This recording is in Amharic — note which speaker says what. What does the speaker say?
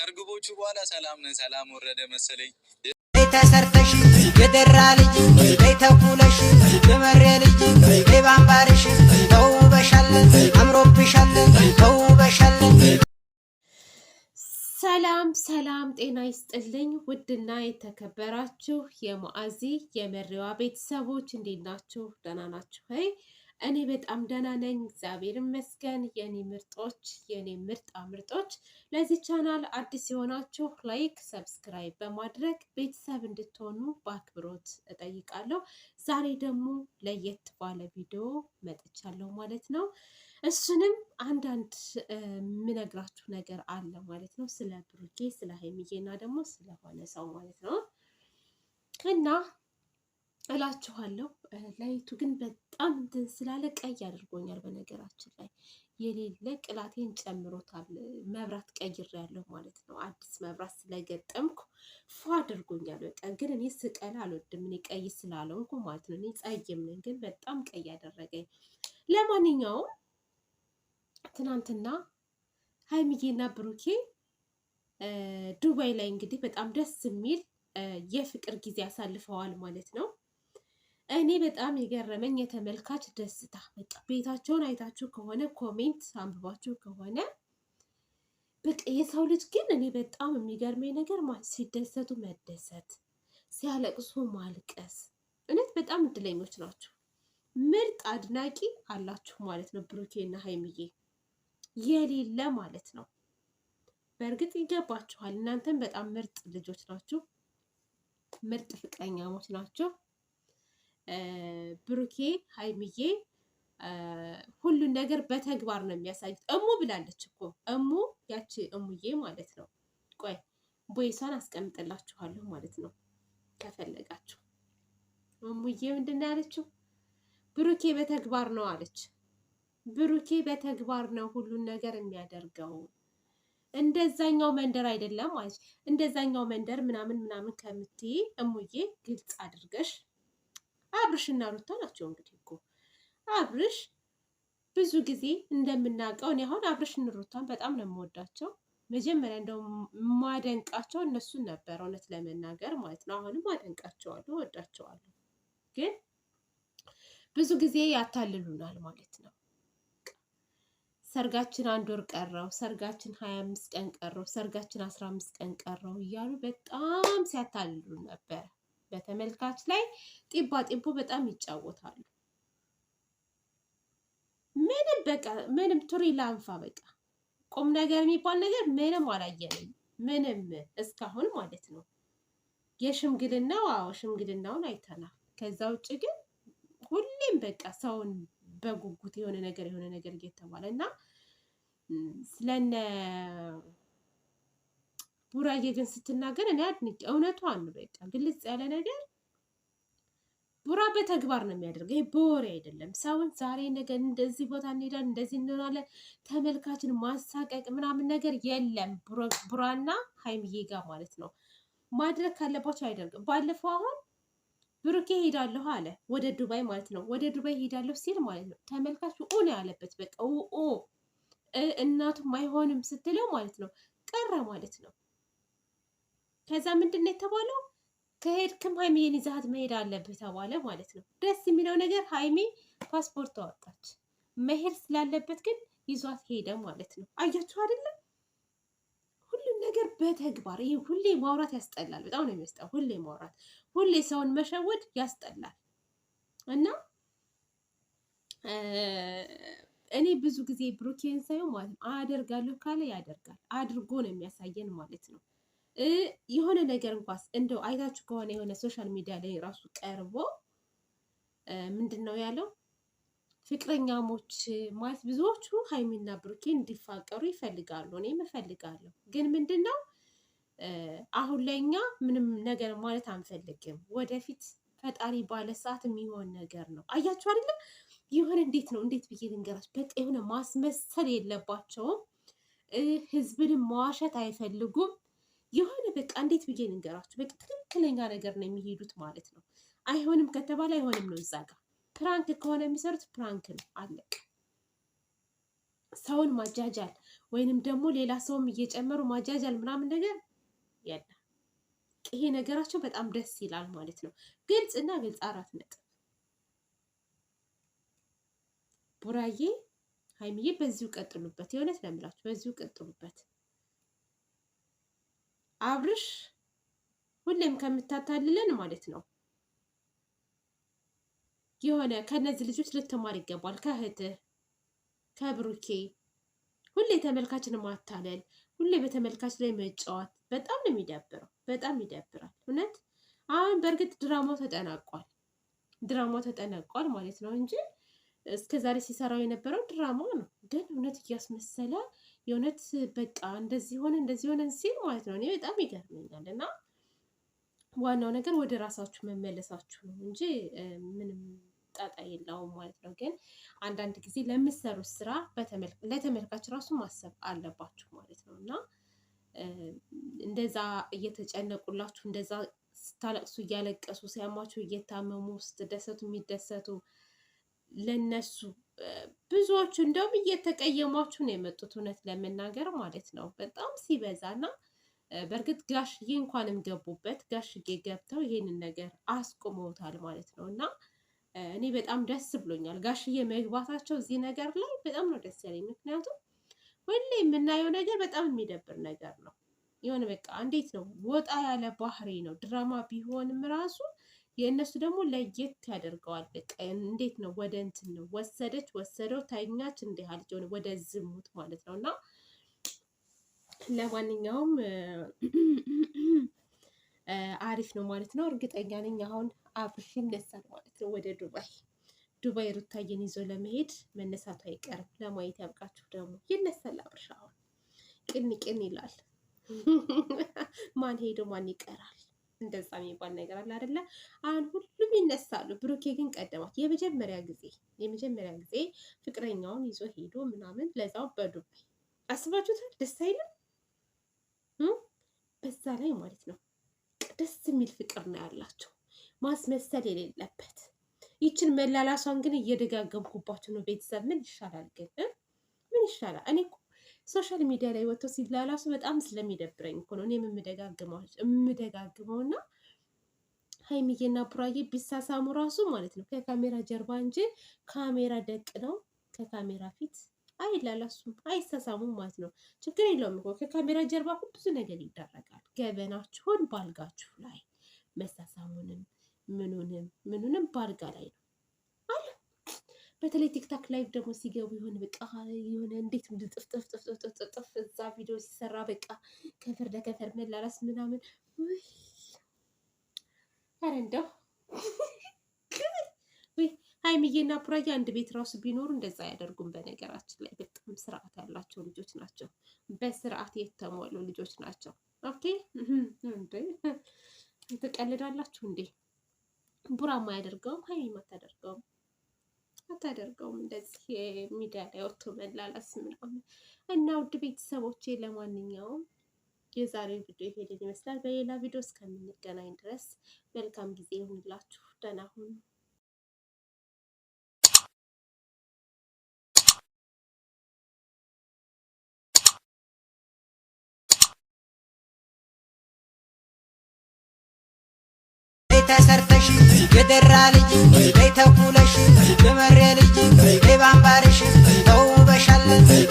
Speaker 1: ከእርግቦቹ በኋላ ሰላም ነን ሰላም ወረደ መሰለኝ። ተሰርተሽ የደራ ልጅ ተኩለሽ የመሬ ልጅ ባንባርሽ ተውበሻል አምሮብሻል ተውበሻለን።
Speaker 2: ሰላም ሰላም፣ ጤና ይስጥልኝ ውድና የተከበራችሁ የሙአዚ የመሪዋ ቤተሰቦች እንዴት ናችሁ? ደህና ናችሁ? እኔ በጣም ደህና ነኝ፣ እግዚአብሔር ይመስገን። የኔ ምርጦች፣ የኔ ምርጣ ምርጦች፣ ለዚህ ቻናል አዲስ የሆናችሁ ላይክ፣ ሰብስክራይብ በማድረግ ቤተሰብ እንድትሆኑ በአክብሮት እጠይቃለሁ። ዛሬ ደግሞ ለየት ባለ ቪዲዮ መጥቻለሁ ማለት ነው። እሱንም አንዳንድ የምነግራችሁ ነገር አለ ማለት ነው። ስለ ብሩኬ፣ ስለ ሀይሚዬ እና ደግሞ ስለሆነ ሰው ማለት ነው እና እላችኋለሁ። ላይቱ ግን በጣም እንትን ስላለ ቀይ አድርጎኛል። በነገራችን ላይ የሌለ ቅላቴን ጨምሮታል። መብራት ቀይር ያለሁ ማለት ነው። አዲስ መብራት ስለገጠምኩ ፎ አድርጎኛል። በቃ ግን እኔ ስቀላ አልወድም። እኔ ቀይ ስላለውኩ ማለት ነው። እኔ ጸይም ነኝ፣ ግን በጣም ቀይ ያደረገኝ። ለማንኛውም ትናንትና ሀይሚዬና ብሩኬ ዱባይ ላይ እንግዲህ በጣም ደስ የሚል የፍቅር ጊዜ አሳልፈዋል ማለት ነው። እኔ በጣም የገረመኝ የተመልካች ደስታ በቃ ቤታቸውን አይታችሁ ከሆነ ኮሜንት አንብባችሁ ከሆነ በቃ የሰው ልጅ ግን እኔ በጣም የሚገርመኝ ነገር ሲደሰቱ መደሰት፣ ሲያለቅሱ ማልቀስ። እውነት በጣም እድለኞች ናችሁ። ምርጥ አድናቂ አላችሁ ማለት ነው። ብሩኬና ሀይምዬ የሌለ ማለት ነው። በእርግጥ ይገባችኋል። እናንተም በጣም ምርጥ ልጆች ናችሁ። ምርጥ ፍቅረኛሞች ናቸው። ብሩኬ ሀይሚዬ ሁሉን ነገር በተግባር ነው የሚያሳዩት። እሙ ብላለች እኮ እሙ ያቺ እሙዬ ማለት ነው። ቆይ ቦይሷን አስቀምጥላችኋለሁ ማለት ነው ከፈለጋችሁ። እሙዬ ምንድን ነው ያለችው? ብሩኬ በተግባር ነው አለች። ብሩኬ በተግባር ነው ሁሉን ነገር የሚያደርገው። እንደዛኛው መንደር አይደለም አለች። እንደዛኛው መንደር ምናምን ምናምን ከምትይ እሙዬ ግልጽ አድርገሽ አብርሽና ሩታ ናቸው። እንግዲህ እኮ አብርሽ ብዙ ጊዜ እንደምናውቀው እኔ አሁን አብርሽን ሩታን በጣም ነው የምወዳቸው። መጀመሪያ እንደው ማደንቃቸው እነሱን ነበር፣ እውነት ለመናገር ማለት ነው። አሁንም ማደንቃቸዋለሁ፣ ወዳቸዋለሁ። ግን ብዙ ጊዜ ያታልሉናል ማለት ነው። ሰርጋችን አንድ ወር ቀረው፣ ሰርጋችን ሀያ አምስት ቀን ቀረው፣ ሰርጋችን አስራ አምስት ቀን ቀረው እያሉ በጣም ሲያታልሉን ነበር። በተመልካች ላይ ጢባ ጢቦ በጣም ይጫወታሉ። ምንም በቃ ምንም ቱሪ ላንፋ በቃ ቁም ነገር የሚባል ነገር ምንም አላየንም። ምንም እስካሁን ማለት ነው። የሽምግልናው አዎ ሽምግልናውን አይተናል። ከዛ ውጭ ግን ሁሌም በቃ ሰውን በጉጉት የሆነ ነገር የሆነ ነገር እየተባለ እና ስለነ ቡራዬ ግን ስትናገር እኔ አድንቅ እውነቷን ነው። በቃ ግልጽ ያለ ነገር ቡራ በተግባር ነው የሚያደርገው። ይሄ በወሬ አይደለም። ሰውን ዛሬ ነገ እንደዚህ ቦታ እንሄዳለን፣ እንደዚህ እንሆናለን፣ ተመልካችን ማሳቀቅ ምናምን ነገር የለም ቡራና ሀይሚዬ ጋር ማለት ነው። ማድረግ ካለባቸው አይደርግም። ባለፈው አሁን ብሩኬ ሄዳለሁ አለ ወደ ዱባይ ማለት ነው። ወደ ዱባይ ሄዳለሁ ሲል ማለት ነው ኡ ነው ያለበት በቃ ኦ እናቱም አይሆንም ስትለው ማለት ነው ቀረ ማለት ነው። ከዛ ምንድን ነው የተባለው? ከሄድክም ሀይሚዬን ይዛት መሄድ አለብህ ተባለ ማለት ነው። ደስ የሚለው ነገር ሀይሜ ፓስፖርት አወጣች። መሄድ ስላለበት ግን ይዟት ሄደ ማለት ነው። አያችሁ አይደለም? ሁሉም ነገር በተግባር ይህ ሁሌ ማውራት ያስጠላል። በጣም ነው የሚያስጠላው። ሁሌ ማውራት፣ ሁሌ ሰውን መሸወድ ያስጠላል። እና እኔ ብዙ ጊዜ ብሩኬን ሳይሆን ማለት ነው አደርጋለሁ ካለ ያደርጋል፣ አድርጎ ነው የሚያሳየን ማለት ነው። የሆነ ነገር እንኳስ እንደው አይታችሁ ከሆነ የሆነ ሶሻል ሚዲያ ላይ ራሱ ቀርቦ ምንድን ነው ያለው ፍቅረኛሞች ማለት ብዙዎቹ ሀይሚና ብሩኬ እንዲፋቀሩ ይፈልጋሉ። እኔም እፈልጋለሁ። ግን ምንድን ነው አሁን ላይ እኛ ምንም ነገር ማለት አንፈልግም። ወደፊት ፈጣሪ ባለ ሰዓት የሚሆን ነገር ነው። አያችሁ አይደለ? የሆነ እንዴት ነው እንዴት ብዬ ልንገራችሁ፣ በቃ የሆነ ማስመሰል የለባቸውም። ህዝብንም መዋሸት አይፈልጉም። የሆነ በቃ እንዴት ብዬ ንገራችሁ፣ በቃ ትክክለኛ ነገር ነው የሚሄዱት ማለት ነው። አይሆንም ከተባለ አይሆንም ነው። እዛ ጋር ፕራንክ ከሆነ የሚሰሩት ፕራንክ ነው፣ አለቅ። ሰውን ማጃጃል ወይንም ደግሞ ሌላ ሰውም እየጨመሩ ማጃጃል ምናምን ነገር የለም። ይሄ ነገራቸው በጣም ደስ ይላል ማለት ነው። ግልጽ እና ግልጽ አራት ነጥብ። ቡራዬ ሀይሚዬ፣ በዚሁ ቀጥሉበት። የእውነት ነው የምላችሁ፣ በዚሁ ቀጥሉበት። አብርሽ ሁሌም ከምታታልለን ማለት ነው የሆነ ከነዚህ ልጆች ልትማር ይገባል። ከእህትህ ከብሩኬ ሁሌ ተመልካችን ማታለል፣ ሁሌ በተመልካች ላይ መጫወት በጣም ነው የሚደብረው። በጣም ይደብራል እውነት። አሁን በእርግጥ ድራማው ተጠናቋል። ድራማው ተጠናቋል ማለት ነው እንጂ እስከዛሬ ሲሰራው የነበረው ድራማ ነው። ግን እውነት እያስመሰለ የእውነት በቃ እንደዚህ ሆነ እንደዚህ ሆነን ሲል ማለት ነው። እኔ በጣም ይገርመኛል። እና ዋናው ነገር ወደ ራሳችሁ መመለሳችሁ ነው እንጂ ምንም ጣጣ የለውም ማለት ነው። ግን አንዳንድ ጊዜ ለምትሰሩት ስራ ለተመልካች ራሱ ማሰብ አለባችሁ ማለት ነው እና እንደዛ እየተጨነቁላችሁ እንደዛ ስታለቅሱ እያለቀሱ ሲያማችሁ እየታመሙ ስትደሰቱ የሚደሰቱ ለነሱ ብዙዎቹ እንደውም እየተቀየሟችሁ ነው የመጡት እውነት ለመናገር ማለት ነው በጣም ሲበዛና በእርግጥ ጋሽዬ እንኳንም ገቡበት። ጋሽዬ ገብተው ይሄንን ነገር አስቁመውታል ማለት ነው። እና እኔ በጣም ደስ ብሎኛል ጋሽዬ መግባታቸው እዚህ ነገር ላይ በጣም ነው ደስ ያለኝ። ምክንያቱም ሁሌ የምናየው ነገር በጣም የሚደብር ነገር ነው። የሆነ በቃ እንዴት ነው ወጣ ያለ ባህሪ ነው። ድራማ ቢሆንም ራሱ የእነሱ ደግሞ ለየት ያደርገዋል። በቃ እንዴት ነው ወደ እንትን ነው ወሰደች ወሰደው ታኛች እንደ ያልጅ ሆነ ወደ ዝሙት ማለት ነው። እና ለማንኛውም አሪፍ ነው ማለት ነው። እርግጠኛ ነኝ አሁን አብርሽ ይነሳል ማለት ነው ወደ ዱባይ ዱባይ ሩታዬን ይዞ ለመሄድ መነሳቱ አይቀርም። ለማየት ያብቃችሁ። ደግሞ ይነሳል አብርሽ አሁን ቅን ቅን ይላል። ማን ሄዶ ማን ይቀራል? እንደዛ የሚባል ነገር አለ አደለ? አሁን ሁሉም ይነሳሉ። ብሩኬ ግን ቀደማት። የመጀመሪያ ጊዜ የመጀመሪያ ጊዜ ፍቅረኛውን ይዞ ሄዶ ምናምን ለዛው በዱባይ አስባችሁታል። ደስ አይልም? በዛ ላይ ማለት ነው ደስ የሚል ፍቅር ነው ያላቸው፣ ማስመሰል የሌለበት። ይችን መላላሷን ግን እየደጋገምኩባቸው ነው። ቤተሰብ ምን ይሻላል ግን ምን ይሻላል? እኔ ሶሻል ሚዲያ ላይ ወጥቶ ሲላላሱ በጣም ስለሚደብረኝ እኮ ነው እኔም የምደጋግመው እና ሀይሚዬና ቡራዬ ቢሳሳሙ ራሱ ማለት ነው ከካሜራ ጀርባ እንጂ ካሜራ ደቅ ነው ከካሜራ ፊት አይላላሱም አይሳሳሙም ማለት ነው። ችግር የለውም እኮ ከካሜራ ጀርባ ብዙ ነገር ይደረጋል። ገበናችሁን ባልጋችሁ ላይ መሳሳሙንም ምኑንም ምኑንም ባልጋ ላይ ነው በተለይ ቲክታክ ላይቭ ደግሞ ሲገቡ የሆነ በቃ የሆነ እንዴት ጥፍጥፍጥፍጥፍጥፍ እዛ ቪዲዮ ሲሰራ በቃ ከንፈር ለከንፈር መላላስ ምናምን ኧረ እንደው ሀይሚዬና ቡራዬ አንድ ቤት ራሱ ቢኖሩ እንደዛ አያደርጉም። በነገራችን ላይ በጣም ስርዓት ያላቸው ልጆች ናቸው። በስርዓት የተሞሉ ልጆች ናቸው። ኦኬ እንዴ ትቀልዳላችሁ እንዴ? ቡራ ማያደርገውም ሀይሚ አታደርገውም። እንደዚህ ሚዲያ ላይ ወጥቶ መላላስ ምናምን እና ውድ ቤተሰቦቼ ለማንኛውም የዛሬው ቪዲዮ ይሄንን ይመስላል። በሌላ ቪዲዮ እስከምንገናኝ ድረስ መልካም ጊዜ ይሁንላችሁ። ደህና ሁኑ። ተሰርተ የደራ ልጅ በይ ተኩለሽ የመሬ ልጅ በይ ባምባርሽ ተውበሻለን